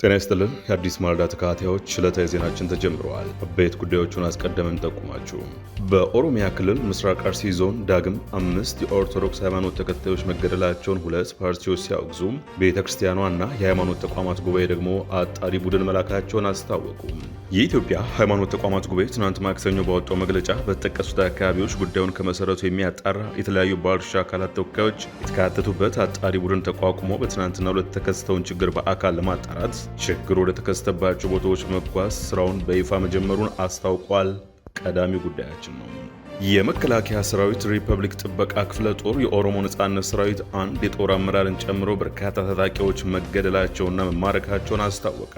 ጤና ይስጥልን የአዲስ ማለዳ ተከታታዮች ዕለታዊ ዜናችን ተጀምረዋል። አበይት ጉዳዮቹን አስቀድመን ጠቁማችሁ በኦሮሚያ ክልል ምስራቅ አርሲ ዞን ዳግም አምስት የኦርቶዶክስ ሃይማኖት ተከታዮች መገደላቸውን ሁለት ፓርቲዎች ሲያወግዙም ቤተ ክርስቲያኗና የሃይማኖት ተቋማት ጉባኤ ደግሞ አጣሪ ቡድን መላካቸውን አስታወቁ። የኢትዮጵያ ሃይማኖት ተቋማት ጉባኤ ትናንት ማክሰኞ ባወጣው መግለጫ በተጠቀሱት አካባቢዎች ጉዳዩን ከመሰረቱ የሚያጣራ የተለያዩ ባለድርሻ አካላት ተወካዮች የተካተቱበት አጣሪ ቡድን ተቋቁሞ በትናንትና ሁለት ተከስተውን ችግር በአካል ለማጣራት ችግር ወደ ተከሰተባቸው ቦታዎች መጓዝ ስራውን በይፋ መጀመሩን አስታውቋል። ቀዳሚ ጉዳያችን ነው። የመከላከያ ሰራዊት ሪፐብሊክ ጥበቃ ክፍለ ጦር የኦሮሞ ነጻነት ሰራዊት አንድ የጦር አመራርን ጨምሮ በርካታ ታጣቂዎች መገደላቸውና መማረካቸውን አስታወቀ።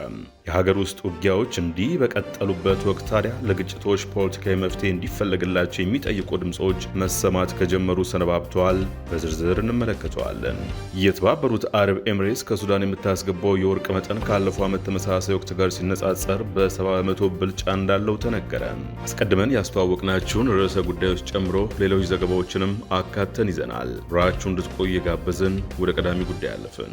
የሀገር ውስጥ ውጊያዎች እንዲህ በቀጠሉበት ወቅት ታዲያ ለግጭቶች ፖለቲካዊ መፍትሄ እንዲፈለግላቸው የሚጠይቁ ድምፆች መሰማት ከጀመሩ ሰነባብተዋል። በዝርዝር እንመለከተዋለን። የተባበሩት አረብ ኤምሬትስ ከሱዳን የምታስገባው የወርቅ መጠን ካለፈው ዓመት ተመሳሳይ ወቅት ጋር ሲነጻጸር በ70 በመቶ ብልጫ እንዳለው ተነገረ። አስቀድመን ያስተዋወቅናችሁን ርዕሰ ጉዳዮች ጨምሮ ሌሎች ዘገባዎችንም አካተን ይዘናል። ብራችሁ እንድትቆይ የጋበዝን። ወደ ቀዳሚ ጉዳይ አለፍን።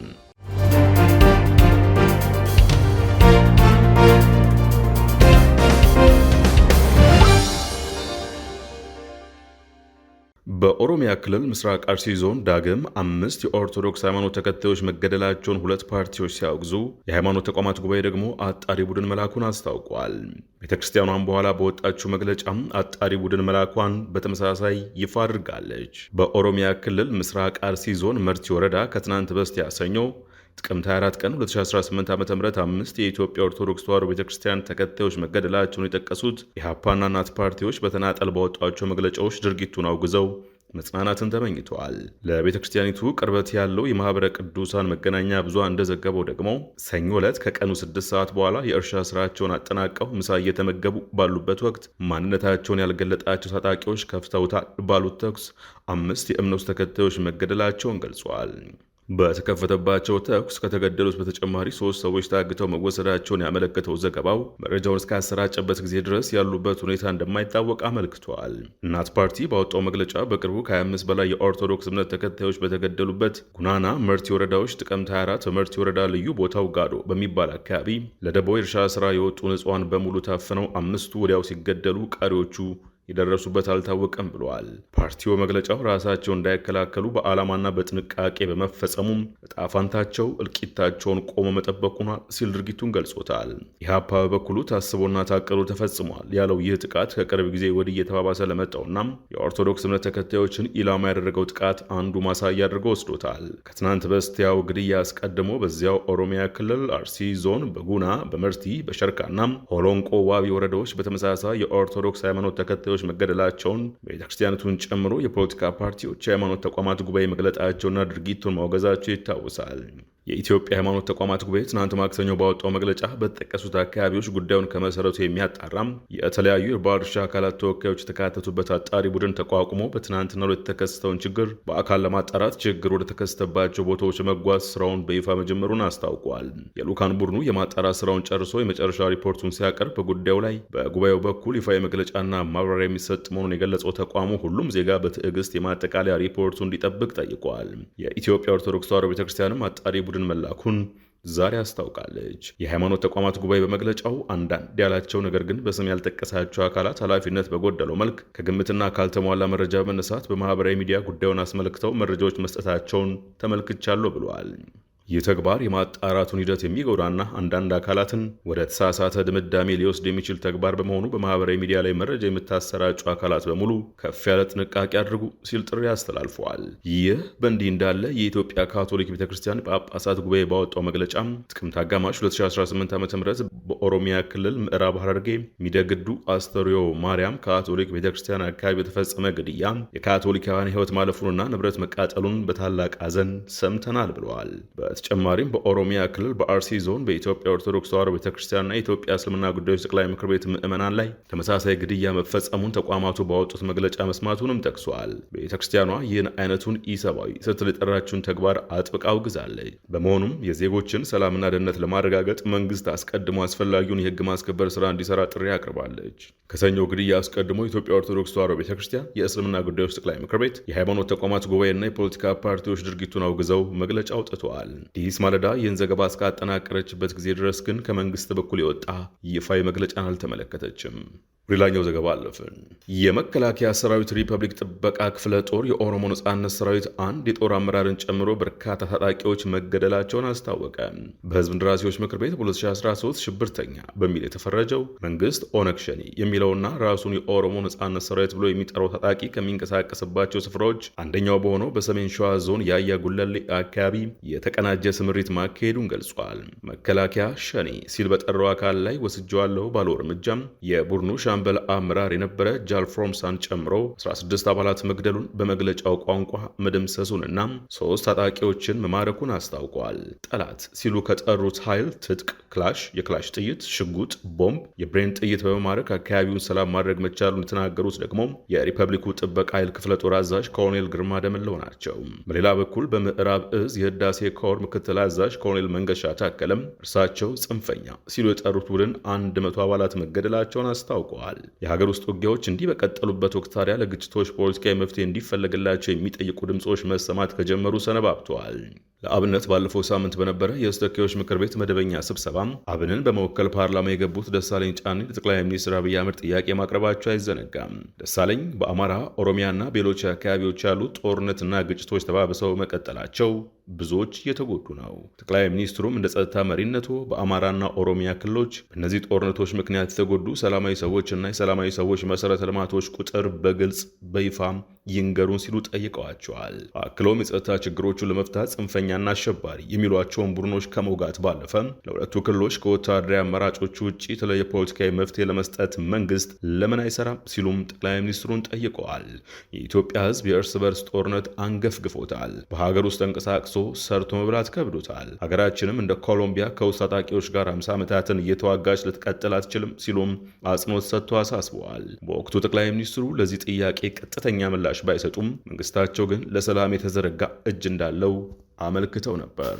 በኦሮሚያ ክልል ምስራቅ አርሲ ዞን ዳግም አምስት የኦርቶዶክስ ሃይማኖት ተከታዮች መገደላቸውን ሁለት ፓርቲዎች ሲያወግዙ የሃይማኖት ተቋማት ጉባኤ ደግሞ አጣሪ ቡድን መላኩን አስታውቋል። ቤተክርስቲያኗን በኋላ በወጣችው መግለጫም አጣሪ ቡድን መላኳን በተመሳሳይ ይፋ አድርጋለች። በኦሮሚያ ክልል ምስራቅ አርሲ ዞን መርቲ ወረዳ ከትናንት በስቲያ ሰኞ ጥቅምት 24 ቀን 2018 ዓ ም አምስት የኢትዮጵያ ኦርቶዶክስ ተዋሕዶ ቤተክርስቲያን ተከታዮች መገደላቸውን የጠቀሱት የሀፓና እናት ፓርቲዎች በተናጠል ባወጧቸው መግለጫዎች ድርጊቱን አውግዘው መጽናናትን ተመኝተዋል። ለቤተ ክርስቲያኒቱ ቅርበት ያለው የማኅበረ ቅዱሳን መገናኛ ብዙሃን እንደዘገበው ደግሞ ሰኞ ዕለት ከቀኑ ስድስት ሰዓት በኋላ የእርሻ ስራቸውን አጠናቀው ምሳ እየተመገቡ ባሉበት ወቅት ማንነታቸውን ያልገለጣቸው ታጣቂዎች ከፍተውታል ባሉት ተኩስ አምስት የእምነቱ ተከታዮች መገደላቸውን ገልጿል። በተከፈተባቸው ተኩስ ከተገደሉት በተጨማሪ ሶስት ሰዎች ታግተው መወሰዳቸውን ያመለከተው ዘገባው መረጃውን እስካሰራጨበት ጊዜ ድረስ ያሉበት ሁኔታ እንደማይታወቅ አመልክቷል። እናት ፓርቲ ባወጣው መግለጫ በቅርቡ ከ25 በላይ የኦርቶዶክስ እምነት ተከታዮች በተገደሉበት ጉናና መርቲ ወረዳዎች ጥቅምት 24 በመርቲ ወረዳ ልዩ ቦታው ጋዶ በሚባል አካባቢ ለደቦ የእርሻ ስራ የወጡ ንጹሐን በሙሉ ታፍነው አምስቱ ወዲያው ሲገደሉ ቀሪዎቹ የደረሱበት አልታወቀም ብለዋል። ፓርቲው በመግለጫው ራሳቸው እንዳይከላከሉ በዓላማና በጥንቃቄ በመፈጸሙም እጣፋንታቸው እልቂታቸውን ቆሞ መጠበቁና ሲል ድርጊቱን ገልጾታል። ኢህአፓ በበኩሉ ታስቦና ታቅዶ ተፈጽሟል ያለው ይህ ጥቃት ከቅርብ ጊዜ ወዲህ እየተባባሰ ለመጣውና የኦርቶዶክስ እምነት ተከታዮችን ኢላማ ያደረገው ጥቃት አንዱ ማሳያ አድርጎ ወስዶታል። ከትናንት በስቲያው ግድያ አስቀድሞ በዚያው ኦሮሚያ ክልል አርሲ ዞን በጉና በመርቲ በሸርካና ሆሎንቆ ዋቢ ወረዳዎች በተመሳሳይ የኦርቶዶክስ ሃይማኖት ተከታዮች መሪዎች መገደላቸውን ቤተ ጨምሮ የፖለቲካ ፓርቲዎች፣ የሃይማኖት ተቋማት ጉባኤ መግለጣቸውና ድርጊቱን ማውገዛቸው ይታወሳል። የኢትዮጵያ ሃይማኖት ተቋማት ጉባኤ ትናንት ማክሰኞ ባወጣው መግለጫ በተጠቀሱት አካባቢዎች ጉዳዩን ከመሰረቱ የሚያጣራም የተለያዩ የባለድርሻ አካላት ተወካዮች የተካተቱበት አጣሪ ቡድን ተቋቁሞ በትናንትና ሁለት የተከሰተውን ችግር በአካል ለማጣራት ችግር ወደ ተከሰተባቸው ቦታዎች መጓዝ ስራውን በይፋ መጀመሩን አስታውቋል። የልዑካን ቡድኑ የማጣራት ስራውን ጨርሶ የመጨረሻ ሪፖርቱን ሲያቀርብ በጉዳዩ ላይ በጉባኤው በኩል ይፋ የመግለጫና ማብራሪያ የሚሰጥ መሆኑን የገለጸው ተቋሙ ሁሉም ዜጋ በትዕግስት የማጠቃለያ ሪፖርቱ እንዲጠብቅ ጠይቋል። የኢትዮጵያ ኦርቶዶክስ ተዋሕዶ ቤተክርስቲያንም አጣሪ ቡድን መላኩን ዛሬ አስታውቃለች። የሃይማኖት ተቋማት ጉባኤ በመግለጫው አንዳንድ ያላቸው ነገር ግን በስም ያልጠቀሳቸው አካላት ኃላፊነት በጎደለው መልክ ከግምትና ካልተሟላ መረጃ በመነሳት በማህበራዊ ሚዲያ ጉዳዩን አስመልክተው መረጃዎች መስጠታቸውን ተመልክቻለሁ ብለዋል። ይህ ተግባር የማጣራቱን ሂደት የሚጎዳና አንዳንድ አካላትን ወደ ተሳሳተ ድምዳሜ ሊወስድ የሚችል ተግባር በመሆኑ በማህበራዊ ሚዲያ ላይ መረጃ የምታሰራጩ አካላት በሙሉ ከፍ ያለ ጥንቃቄ አድርጉ ሲል ጥሪ አስተላልፈዋል። ይህ በእንዲህ እንዳለ የኢትዮጵያ ካቶሊክ ቤተ ክርስቲያን ጳጳሳት ጉባኤ ባወጣው መግለጫም ጥቅምት አጋማሽ 2018 ዓ ም በኦሮሚያ ክልል ምዕራብ ሐረርጌ ሚደግዱ አስተሪዮ ማርያም ካቶሊክ ቤተ ክርስቲያን አካባቢ የተፈጸመ ግድያ የካቶሊካውያን ህይወት ማለፉንና ንብረት መቃጠሉን በታላቅ አዘን ሰምተናል ብለዋል። በተጨማሪም በኦሮሚያ ክልል በአርሲ ዞን በኢትዮጵያ ኦርቶዶክስ ተዋሕዶ ቤተክርስቲያንና የኢትዮጵያ እስልምና ጉዳዮች ጠቅላይ ምክር ቤት ምዕመናን ላይ ተመሳሳይ ግድያ መፈጸሙን ተቋማቱ ባወጡት መግለጫ መስማቱንም ጠቅሷል። ቤተክርስቲያኗ ይህን አይነቱን ኢሰብአዊ ስትል የጠራችውን ተግባር አጥብቃ አውግዛለች። በመሆኑም የዜጎችን ሰላምና ደህንነት ለማረጋገጥ መንግስት አስቀድሞ አስፈላጊውን የህግ ማስከበር ስራ እንዲሰራ ጥሪ አቅርባለች። ከሰኞ ግድያ አስቀድሞ የኢትዮጵያ ኦርቶዶክስ ተዋሕዶ ቤተክርስቲያን፣ የእስልምና ጉዳዮች ጠቅላይ ምክር ቤት፣ የሃይማኖት ተቋማት ጉባኤና የፖለቲካ ፓርቲዎች ድርጊቱን አውግዘው መግለጫ አውጥተዋል። አዲስ ማለዳ ይህን ዘገባ እስካጠናቀረችበት ጊዜ ድረስ ግን ከመንግስት በኩል የወጣ ይፋዊ መግለጫን አልተመለከተችም። ሌላኛው ዘገባ አለፍን። የመከላከያ ሰራዊት ሪፐብሊክ ጥበቃ ክፍለ ጦር የኦሮሞ ነጻነት ሰራዊት አንድ የጦር አመራርን ጨምሮ በርካታ ታጣቂዎች መገደላቸውን አስታወቀ። በህዝብ እንደራሴዎች ምክር ቤት 2013 ሽብርተኛ በሚል የተፈረጀው መንግስት ኦነግ ሸኔ የሚለውና ራሱን የኦሮሞ ነጻነት ሰራዊት ብሎ የሚጠራው ታጣቂ ከሚንቀሳቀስባቸው ስፍራዎች አንደኛው በሆነው በሰሜን ሸዋ ዞን የአያ ጉለሌ አካባቢ የተቀናጀ ስምሪት ማካሄዱን ገልጿል። መከላከያ ሸኔ ሲል በጠራው አካል ላይ ወስጀዋለሁ ባለው እርምጃም የቡድኑ የሻምበል አመራር የነበረ ጃልፍሮምሳን ጨምሮ 16 አባላት መግደሉን በመግለጫው ቋንቋ መደምሰሱንና ሶስት ታጣቂዎችን መማረኩን አስታውቋል። ጠላት ሲሉ ከጠሩት ኃይል ትጥቅ፣ ክላሽ፣ የክላሽ ጥይት፣ ሽጉጥ፣ ቦምብ፣ የብሬን ጥይት በመማረክ አካባቢውን ሰላም ማድረግ መቻሉን የተናገሩት ደግሞ የሪፐብሊኩ ጥበቃ ኃይል ክፍለ ጦር አዛዥ ኮሎኔል ግርማ ደመለው ናቸው። በሌላ በኩል በምዕራብ እዝ የህዳሴ ኮር ምክትል አዛዥ ኮሎኔል መንገሻ ታከለም እርሳቸው ጽንፈኛ ሲሉ የጠሩት ቡድን 100 አባላት መገደላቸውን አስታውቋል። ገልጸዋል። የሀገር ውስጥ ውጊያዎች እንዲህ በቀጠሉበት ወቅት ታዲያ ለግጭቶች ፖለቲካዊ መፍትሄ እንዲፈለግላቸው የሚጠይቁ ድምፆች መሰማት ከጀመሩ ሰነባብተዋል። ለአብነት ባለፈው ሳምንት በነበረ የተወካዮች ምክር ቤት መደበኛ ስብሰባ አብንን በመወከል ፓርላማ የገቡት ደሳለኝ ጫኔ ለጠቅላይ ሚኒስትር አብይ አህመድ ጥያቄ ማቅረባቸው አይዘነጋም። ደሳለኝ በአማራ ኦሮሚያና ሌሎች አካባቢዎች ያሉ ጦርነትና ግጭቶች ተባብሰው መቀጠላቸው ብዙዎች እየተጎዱ ነው። ጠቅላይ ሚኒስትሩም እንደ ጸጥታ መሪነቱ በአማራና ኦሮሚያ ክልሎች በእነዚህ ጦርነቶች ምክንያት የተጎዱ ሰላማዊ እና የሰላማዊ ሰዎች መሰረተ ልማቶች ቁጥር በግልጽ በይፋም ይንገሩን ሲሉ ጠይቀዋቸዋል። አክሎም የጸጥታ ችግሮቹን ለመፍታት ጽንፈኛ ጽንፈኛና አሸባሪ የሚሏቸውን ቡድኖች ከመውጋት ባለፈ ለሁለቱ ክልሎች ከወታደራዊ አማራጮች ውጭ የተለየ ፖለቲካዊ መፍትሄ ለመስጠት መንግስት ለምን አይሰራም ሲሉም ጠቅላይ ሚኒስትሩን ጠይቀዋል። የኢትዮጵያ ህዝብ የእርስ በርስ ጦርነት አንገፍግፎታል። በሀገር ውስጥ ተንቀሳቅሶ ሰርቶ መብላት ከብዶታል። ሀገራችንም እንደ ኮሎምቢያ ከውስጥ ታጣቂዎች ጋር 50 ዓመታትን እየተዋጋች ልትቀጥል አትችልም ሲሉም አጽንኦት ሰጥቶ አሳስበዋል። በወቅቱ ጠቅላይ ሚኒስትሩ ለዚህ ጥያቄ ቀጥተኛ ምላሽ ባይሰጡም መንግስታቸው ግን ለሰላም የተዘረጋ እጅ እንዳለው አመልክተው ነበር።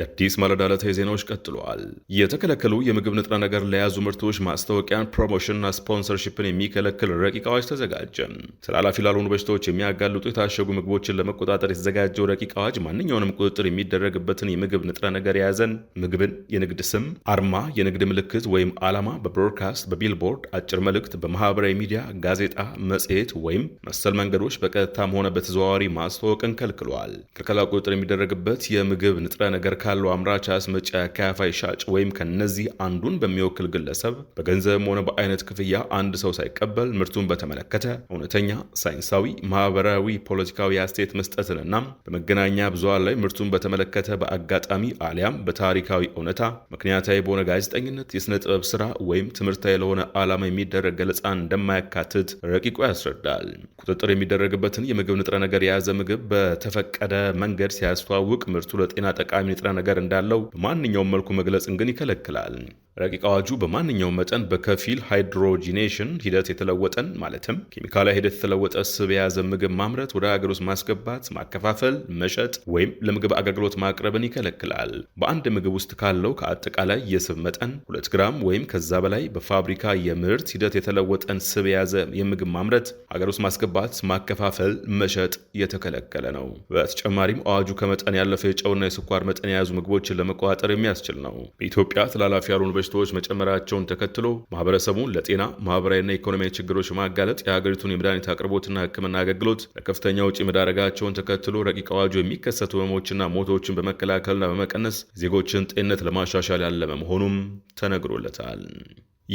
የአዲስ ማለዳ ዕለታዊ ዜናዎች ቀጥለዋል። የተከለከሉ የምግብ ንጥረ ነገር ለያዙ ምርቶች ማስታወቂያን፣ ፕሮሞሽንና ስፖንሰርሽፕን የሚከለክል ረቂቅ አዋጅ ተዘጋጀ። ተላላፊ ላልሆኑ በሽታዎች የሚያጋልጡ የታሸጉ ምግቦችን ለመቆጣጠር የተዘጋጀው ረቂቅ አዋጅ ማንኛውንም ቁጥጥር የሚደረግበትን የምግብ ንጥረ ነገር የያዘን ምግብን የንግድ ስም፣ አርማ፣ የንግድ ምልክት ወይም ዓላማ በብሮድካስት፣ በቢልቦርድ፣ አጭር መልእክት፣ በማህበራዊ ሚዲያ፣ ጋዜጣ፣ መጽሔት ወይም መሰል መንገዶች በቀጥታም ሆነ በተዘዋዋሪ ማስታወቅን ከልክሏል። ክልከላ ቁጥጥር የሚደረግበት የምግብ ንጥረ ነገር ካለው አምራች፣ አስመጪ፣ ከያፋይ ሻጭ ወይም ከነዚህ አንዱን በሚወክል ግለሰብ በገንዘብም ሆነ በአይነት ክፍያ አንድ ሰው ሳይቀበል ምርቱን በተመለከተ እውነተኛ ሳይንሳዊ፣ ማህበራዊ፣ ፖለቲካዊ አስተያየት መስጠትንና በመገናኛ ብዙሃን ላይ ምርቱን በተመለከተ በአጋጣሚ አሊያም በታሪካዊ እውነታ ምክንያታዊ በሆነ ጋዜጠኝነት፣ የሥነ ጥበብ ስራ ወይም ትምህርታዊ ለሆነ ዓላማ የሚደረግ ገለጻ እንደማያካትት ረቂቁ ያስረዳል። ቁጥጥር የሚደረግበትን የምግብ ንጥረ ነገር የያዘ ምግብ በተፈቀደ መንገድ ሲያስተዋውቅ ምርቱ ለጤና ጠቃሚ ንጥረ ነገር እንዳለው በማንኛውም መልኩ መግለጽን ግን ይከለክላል። ረቂቅ አዋጁ በማንኛውም መጠን በከፊል ሃይድሮጂኔሽን ሂደት የተለወጠን ማለትም ኬሚካላ ሂደት የተለወጠ ስብ የያዘ ምግብ ማምረት፣ ወደ ሀገር ውስጥ ማስገባት፣ ማከፋፈል፣ መሸጥ ወይም ለምግብ አገልግሎት ማቅረብን ይከለክላል። በአንድ ምግብ ውስጥ ካለው ከአጠቃላይ የስብ መጠን ሁለት ግራም ወይም ከዛ በላይ በፋብሪካ የምርት ሂደት የተለወጠን ስብ የያዘ የምግብ ማምረት፣ ሀገር ውስጥ ማስገባት፣ ማከፋፈል፣ መሸጥ የተከለከለ ነው። በተጨማሪም አዋጁ ከመጠን ያለፈ የጨውና የስኳር መጠን የያዙ ምግቦችን ለመቆጣጠር የሚያስችል ነው። በኢትዮጵያ ተላላፊ ያልሆኑ በሽታዎች መጨመራቸውን ተከትሎ ማህበረሰቡን ለጤና ማህበራዊና ኢኮኖሚያዊ ችግሮች ማጋለጥ የሀገሪቱን የመድኃኒት አቅርቦትና ሕክምና አገልግሎት ለከፍተኛ ውጪ መዳረጋቸውን ተከትሎ ረቂቅ አዋጁ የሚከሰቱ ህመሞችና ሞቶችን በመከላከልና በመቀነስ ዜጎችን ጤንነት ለማሻሻል ያለመ መሆኑም ተነግሮለታል።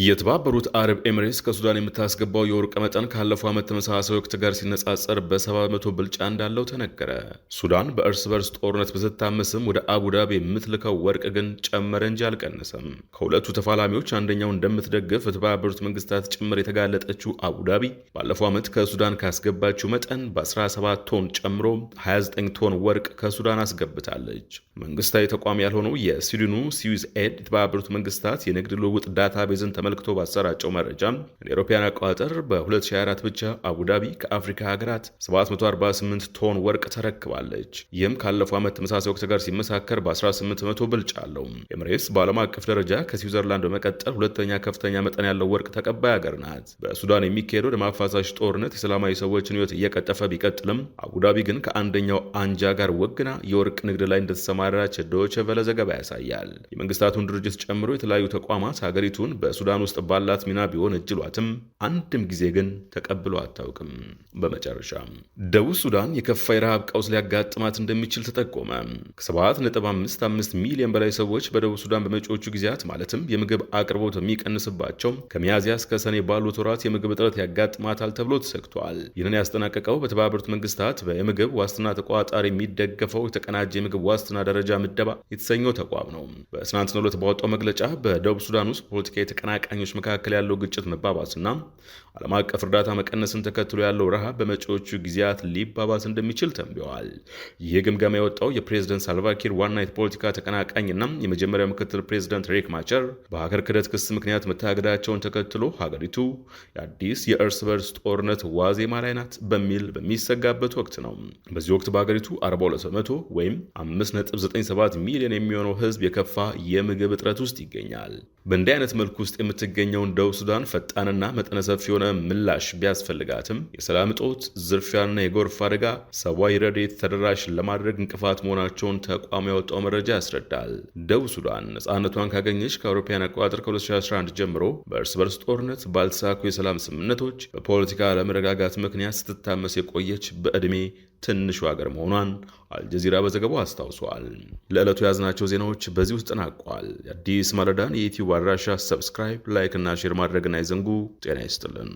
የተባበሩት አረብ ኤምሬትስ ከሱዳን የምታስገባው የወርቅ መጠን ካለፈው ዓመት ተመሳሳይ ወቅት ጋር ሲነጻጸር በ 700 ብልጫ እንዳለው ተነገረ። ሱዳን በእርስ በርስ ጦርነት ብትታመስም ወደ አቡዳቢ የምትልከው ወርቅ ግን ጨመረ እንጂ አልቀነሰም። ከሁለቱ ተፋላሚዎች አንደኛው እንደምትደግፍ የተባበሩት መንግስታት ጭምር የተጋለጠችው አቡዳቢ ባለፈው ዓመት ከሱዳን ካስገባችው መጠን በ17 ቶን ጨምሮ 29 ቶን ወርቅ ከሱዳን አስገብታለች። መንግስታዊ ተቋም ያልሆነው የስዊድኑ ስዊዝ ኤድ የተባበሩት መንግስታት የንግድ ልውውጥ ዳታ ቤዝን ተመልክቶ ባሰራጨው መረጃ እንደ አውሮፓውያን አቆጣጠር በ2024 ብቻ አቡዳቢ ከአፍሪካ ሀገራት 748 ቶን ወርቅ ተረክባለች። ይህም ካለፈው ዓመት ተመሳሳይ ወቅት ጋር ሲመሳከር በ18 በመቶ ብልጫ አለው። ኤምሬትስ በዓለም አቀፍ ደረጃ ከስዊዘርላንድ በመቀጠል ሁለተኛ ከፍተኛ መጠን ያለው ወርቅ ተቀባይ ሀገር ናት። በሱዳን የሚካሄደው ደም አፋሳሽ ጦርነት የሰላማዊ ሰዎችን ሕይወት እየቀጠፈ ቢቀጥልም አቡዳቢ ግን ከአንደኛው አንጃ ጋር ወግና የወርቅ ንግድ ላይ እንደተሰማራች ዶይቼ ቬለ ዘገባ ያሳያል። የመንግስታቱን ድርጅት ጨምሮ የተለያዩ ተቋማት ሀገሪቱን በሱዳን ሱዳን ውስጥ ባላት ሚና ቢሆን እጅሏትም አንድም ጊዜ ግን ተቀብሎ አታውቅም። በመጨረሻ ደቡብ ሱዳን የከፋ የረሃብ ቀውስ ሊያጋጥማት እንደሚችል ተጠቆመ። ከ7.55 ሚሊዮን በላይ ሰዎች በደቡብ ሱዳን በመጪዎቹ ጊዜያት ማለትም የምግብ አቅርቦት የሚቀንስባቸው ከሚያዝያ እስከ ሰኔ ባሉት ወራት የምግብ እጥረት ያጋጥማታል ተብሎ ተሰግቷል። ይህንን ያስጠናቀቀው በተባበሩት መንግስታት የምግብ ዋስትና ተቆጣጣሪ የሚደገፈው የተቀናጀ የምግብ ዋስትና ደረጃ ምደባ የተሰኘው ተቋም ነው። በትናንትናው ዕለት ባወጣው መግለጫ በደቡብ ሱዳን ውስጥ ፖለቲካ የተቀናቀ ቀኞች መካከል ያለው ግጭት መባባስና ዓለም አቀፍ እርዳታ መቀነስን ተከትሎ ያለው ረሃብ በመጪዎቹ ጊዜያት ሊባባስ እንደሚችል ተንብዋል። ይህ ግምገማ የወጣው የፕሬዝደንት ሳልቫኪር ዋና የፖለቲካ ተቀናቃኝና የመጀመሪያ ምክትል ፕሬዝደንት ሬክ ማቸር በሀገር ክደት ክስ ምክንያት መታገዳቸውን ተከትሎ ሀገሪቱ የአዲስ የእርስ በርስ ጦርነት ዋዜማ ላይ ናት በሚል በሚሰጋበት ወቅት ነው። በዚህ ወቅት በሀገሪቱ 42 በመቶ ወይም 5.97 ሚሊዮን የሚሆነው ህዝብ የከፋ የምግብ እጥረት ውስጥ ይገኛል። በእንዲህ አይነት መልኩ ውስጥ የምትገኘውን ደቡብ ሱዳን ፈጣንና መጠነ ሰፊ የሆነ ምላሽ ቢያስፈልጋትም የሰላም እጦት፣ ዝርፊያና የጎርፍ አደጋ ሰብአዊ ረድኤት ተደራሽ ለማድረግ እንቅፋት መሆናቸውን ተቋሙ ያወጣው መረጃ ያስረዳል። ደቡብ ሱዳን ነፃነቷን ካገኘች ከአውሮፓውያን አቆጣጠር ከ2011 ጀምሮ በእርስ በርስ ጦርነት፣ ባልተሳኩ የሰላም ስምምነቶች፣ በፖለቲካ አለመረጋጋት ምክንያት ስትታመስ የቆየች በዕድሜ ትንሹ ሀገር መሆኗን አልጀዚራ በዘገባው አስታውሷል። ለዕለቱ የያዝናቸው ዜናዎች በዚህ ውስጥ ተጠናቋል። የአዲስ ማለዳን የዩትዩብ አድራሻ ሰብስክራይብ፣ ላይክ እና ሼር ማድረግን አይዘንጉ። ጤና ይስጥልን።